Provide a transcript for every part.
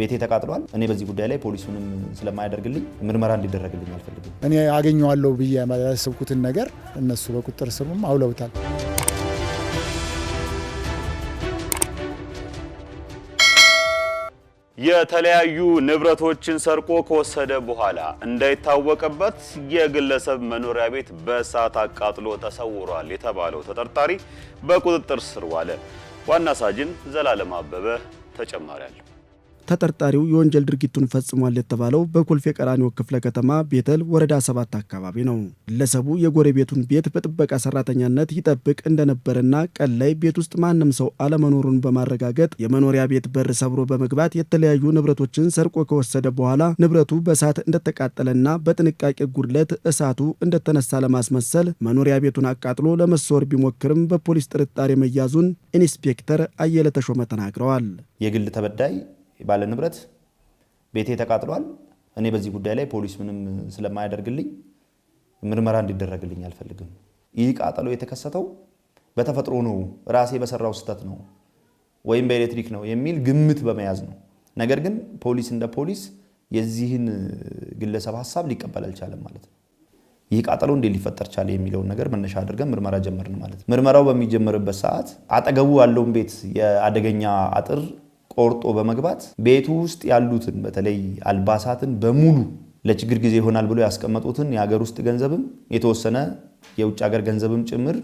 ቤቴ ተቃጥሏል። እኔ በዚህ ጉዳይ ላይ ፖሊሱንም ስለማያደርግልኝ ምርመራ እንዲደረግልኝ አልፈልግም። እኔ አገኘዋለሁ ብዬ ያላሰብኩትን ነገር እነሱ በቁጥር ስሩም አውለውታል። የተለያዩ ንብረቶችን ሰርቆ ከወሰደ በኋላ እንዳይታወቅበት የግለሰብ መኖሪያ ቤት በእሳት አቃጥሎ ተሰውሯል የተባለው ተጠርጣሪ በቁጥጥር ስር ዋለ። ዋና ሳጅን ዘላለም አበበ ተጨማሪ አለው። ተጠርጣሪው የወንጀል ድርጊቱን ፈጽሟል የተባለው በኮልፌ ቀራኒዮ ክፍለ ከተማ ቤተል ወረዳ ሰባት አካባቢ ነው። ግለሰቡ የጎረቤቱን ቤት በጥበቃ ሰራተኛነት ይጠብቅ እንደነበረና ቀን ላይ ቤት ውስጥ ማንም ሰው አለመኖሩን በማረጋገጥ የመኖሪያ ቤት በር ሰብሮ በመግባት የተለያዩ ንብረቶችን ሰርቆ ከወሰደ በኋላ ንብረቱ በእሳት እንደተቃጠለና በጥንቃቄ ጉድለት እሳቱ እንደተነሳ ለማስመሰል መኖሪያ ቤቱን አቃጥሎ ለመሰወር ቢሞክርም በፖሊስ ጥርጣሬ መያዙን ኢንስፔክተር አየለ ተሾመ ተናግረዋል። የግል ተበዳይ ባለ ንብረት ቤቴ ተቃጥሏል፣ እኔ በዚህ ጉዳይ ላይ ፖሊስ ምንም ስለማያደርግልኝ ምርመራ እንዲደረግልኝ አልፈልግም። ይህ ቃጠሎ የተከሰተው በተፈጥሮ ነው፣ ራሴ በሰራው ስህተት ነው ወይም በኤሌክትሪክ ነው የሚል ግምት በመያዝ ነው። ነገር ግን ፖሊስ እንደ ፖሊስ የዚህን ግለሰብ ሀሳብ ሊቀበል አልቻለም ማለት ነው። ይህ ቃጠሎ እንዴት ሊፈጠር ቻለ የሚለውን ነገር መነሻ አድርገን ምርመራ ጀመርን ማለት ነው። ምርመራው በሚጀምርበት ሰዓት አጠገቡ ያለውን ቤት የአደገኛ አጥር ቆርጦ በመግባት ቤቱ ውስጥ ያሉትን በተለይ አልባሳትን በሙሉ ለችግር ጊዜ ይሆናል ብሎ ያስቀመጡትን የሀገር ውስጥ ገንዘብም የተወሰነ የውጭ ሀገር ገንዘብም ጭምር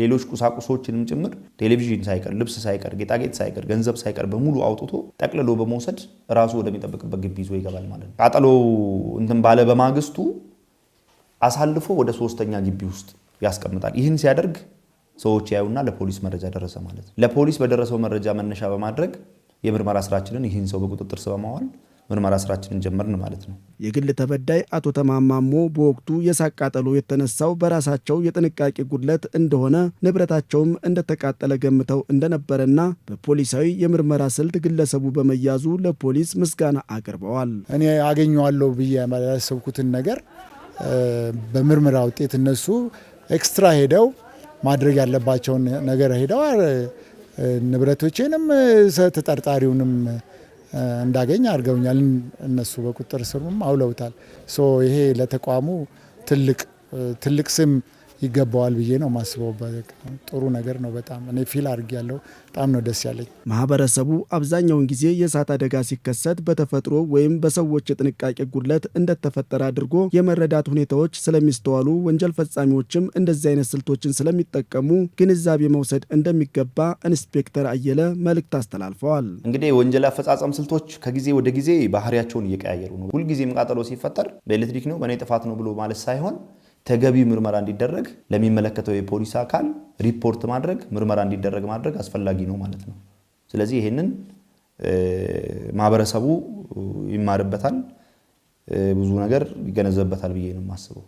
ሌሎች ቁሳቁሶችንም ጭምር ቴሌቪዥን ሳይቀር ልብስ ሳይቀር ጌጣጌጥ ሳይቀር ገንዘብ ሳይቀር በሙሉ አውጥቶ ጠቅልሎ በመውሰድ ራሱ ወደሚጠብቅበት ግቢ ይዞ ይገባል ማለት ነው። ቃጠሎ እንትን ባለ በማግስቱ አሳልፎ ወደ ሶስተኛ ግቢ ውስጥ ያስቀምጣል። ይህን ሲያደርግ ሰዎች ያዩና ለፖሊስ መረጃ ደረሰ ማለት ነው። ለፖሊስ በደረሰው መረጃ መነሻ በማድረግ የምርመራ ስራችንን ይህን ሰው በቁጥጥር ስር በማዋል ምርመራ ስራችንን ጀመርን ማለት ነው። የግል ተበዳይ አቶ ተማማሞ በወቅቱ የሳቃጠሎ የተነሳው በራሳቸው የጥንቃቄ ጉድለት እንደሆነ ንብረታቸውም እንደተቃጠለ ገምተው እንደነበረና በፖሊሳዊ የምርመራ ስልት ግለሰቡ በመያዙ ለፖሊስ ምስጋና አቅርበዋል። እኔ አገኘዋለሁ ብዬ ያሰብኩትን ነገር በምርመራ ውጤት እነሱ ኤክስትራ ሄደው ማድረግ ያለባቸውን ነገር ሄደዋል። ንብረቶቼንም ተጠርጣሪውንም እንዳገኝ አድርገውኛል። እነሱ በቁጥጥር ስርም አውለውታል። ይሄ ለተቋሙ ትልቅ ትልቅ ስም ይገባዋል ብዬ ነው ማስበው። ጥሩ ነገር ነው። በጣም እኔ ፊል አድርግ ያለው በጣም ነው ደስ ያለኝ። ማህበረሰቡ አብዛኛውን ጊዜ የእሳት አደጋ ሲከሰት በተፈጥሮ ወይም በሰዎች የጥንቃቄ ጉድለት እንደተፈጠረ አድርጎ የመረዳት ሁኔታዎች ስለሚስተዋሉ ወንጀል ፈጻሚዎችም እንደዚህ አይነት ስልቶችን ስለሚጠቀሙ ግንዛቤ መውሰድ እንደሚገባ ኢንስፔክተር አየለ መልእክት አስተላልፈዋል። እንግዲህ ወንጀል አፈጻጸም ስልቶች ከጊዜ ወደ ጊዜ ባህሪያቸውን እየቀያየሩ ነው። ሁልጊዜም ቃጠሎ ሲፈጠር በኤሌክትሪክ ነው በእኔ ጥፋት ነው ብሎ ማለት ሳይሆን ተገቢ ምርመራ እንዲደረግ ለሚመለከተው የፖሊስ አካል ሪፖርት ማድረግ ምርመራ እንዲደረግ ማድረግ አስፈላጊ ነው ማለት ነው። ስለዚህ ይህንን ማህበረሰቡ ይማርበታል፣ ብዙ ነገር ይገነዘብበታል ብዬ ነው የማስበው።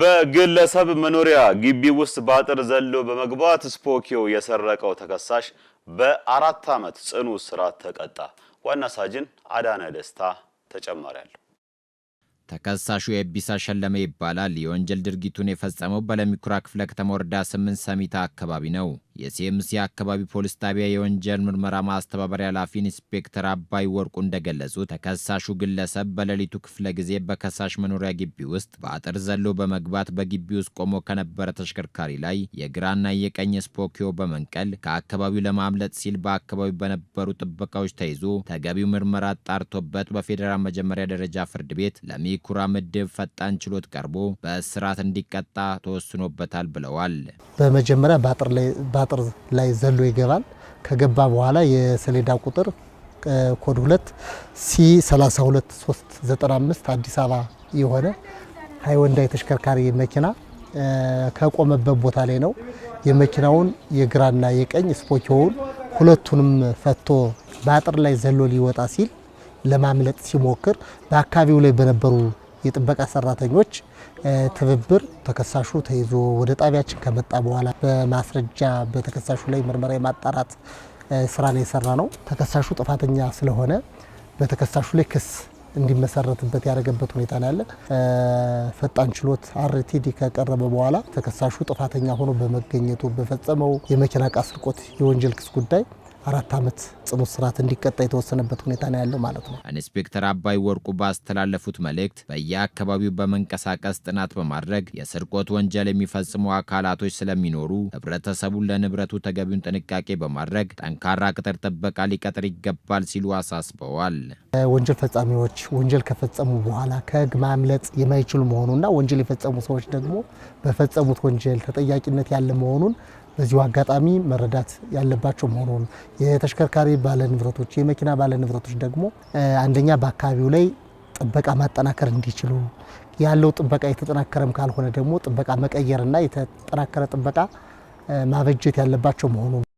በግለሰብ መኖሪያ ግቢ ውስጥ በአጥር ዘሎ በመግባት ስፖኪዮ የሰረቀው ተከሳሽ በአራት ዓመት ጽኑ እስራት ተቀጣ። ዋና ሳጅን አዳነ ደስታ ተጨማሪ ተከሳሹ የቢሳ ሸለመ ይባላል። የወንጀል ድርጊቱን የፈጸመው በለሚኩራ ክፍለ ከተማ ወረዳ ስምንት ሰሚታ አካባቢ ነው። የሲኤምሲ አካባቢ ፖሊስ ጣቢያ የወንጀል ምርመራ ማስተባበሪያ ኃላፊ ኢንስፔክተር አባይ ወርቁ እንደገለጹ ተከሳሹ ግለሰብ በሌሊቱ ክፍለ ጊዜ በከሳሽ መኖሪያ ግቢ ውስጥ በአጥር ዘሎ በመግባት በግቢ ውስጥ ቆሞ ከነበረ ተሽከርካሪ ላይ የግራና የቀኝ ስፖኪዮ በመንቀል ከአካባቢው ለማምለጥ ሲል በአካባቢው በነበሩ ጥበቃዎች ተይዞ ተገቢው ምርመራ ጣርቶበት በፌዴራል መጀመሪያ ደረጃ ፍርድ ቤት ለሚኩራ ምድብ ፈጣን ችሎት ቀርቦ በእስራት እንዲቀጣ ተወስኖበታል ብለዋል። በመጀመሪያ በአጥር አጥር ላይ ዘሎ ይገባል። ከገባ በኋላ የሰሌዳ ቁጥር ኮድ 2 ሲ 32395 አዲስ አበባ የሆነ ሃይወንዳይ ተሽከርካሪ መኪና ከቆመበት ቦታ ላይ ነው። የመኪናውን የግራና የቀኝ ስፖኪውን ሁለቱንም ፈቶ በአጥር ላይ ዘሎ ሊወጣ ሲል ለማምለጥ ሲሞክር በአካባቢው ላይ በነበሩ የጥበቃ ሰራተኞች ትብብር ተከሳሹ ተይዞ ወደ ጣቢያችን ከመጣ በኋላ በማስረጃ በተከሳሹ ላይ ምርመራ የማጣራት ስራ ነው የሰራ ነው። ተከሳሹ ጥፋተኛ ስለሆነ በተከሳሹ ላይ ክስ እንዲመሰረትበት ያደረገበት ሁኔታ ነው ያለ። ፈጣን ችሎት አርቲዲ ከቀረበ በኋላ ተከሳሹ ጥፋተኛ ሆኖ በመገኘቱ በፈጸመው የመኪና እቃ ስርቆት የወንጀል ክስ ጉዳይ አራት ዓመት ጽኑ እስራት እንዲቀጣ የተወሰነበት ሁኔታ ነው ያለው ማለት ነው። ኢንስፔክተር አባይ ወርቁ ባስተላለፉት መልእክት በየአካባቢው በመንቀሳቀስ ጥናት በማድረግ የስርቆት ወንጀል የሚፈጽሙ አካላቶች ስለሚኖሩ ህብረተሰቡን ለንብረቱ ተገቢውን ጥንቃቄ በማድረግ ጠንካራ ቅጥር ጥበቃ ሊቀጥር ይገባል ሲሉ አሳስበዋል። ወንጀል ፈጻሚዎች ወንጀል ከፈጸሙ በኋላ ከህግ ማምለጥ የማይችሉ መሆኑና ወንጀል የፈጸሙ ሰዎች ደግሞ በፈጸሙት ወንጀል ተጠያቂነት ያለ መሆኑን በዚሁ አጋጣሚ መረዳት ያለባቸው መሆኑን የተሽከርካሪ ባለ ንብረቶች የመኪና ባለ ንብረቶች ደግሞ አንደኛ በአካባቢው ላይ ጥበቃ ማጠናከር እንዲችሉ ያለው ጥበቃ የተጠናከረም ካልሆነ ደግሞ ጥበቃ መቀየርና የተጠናከረ ጥበቃ ማበጀት ያለባቸው መሆኑን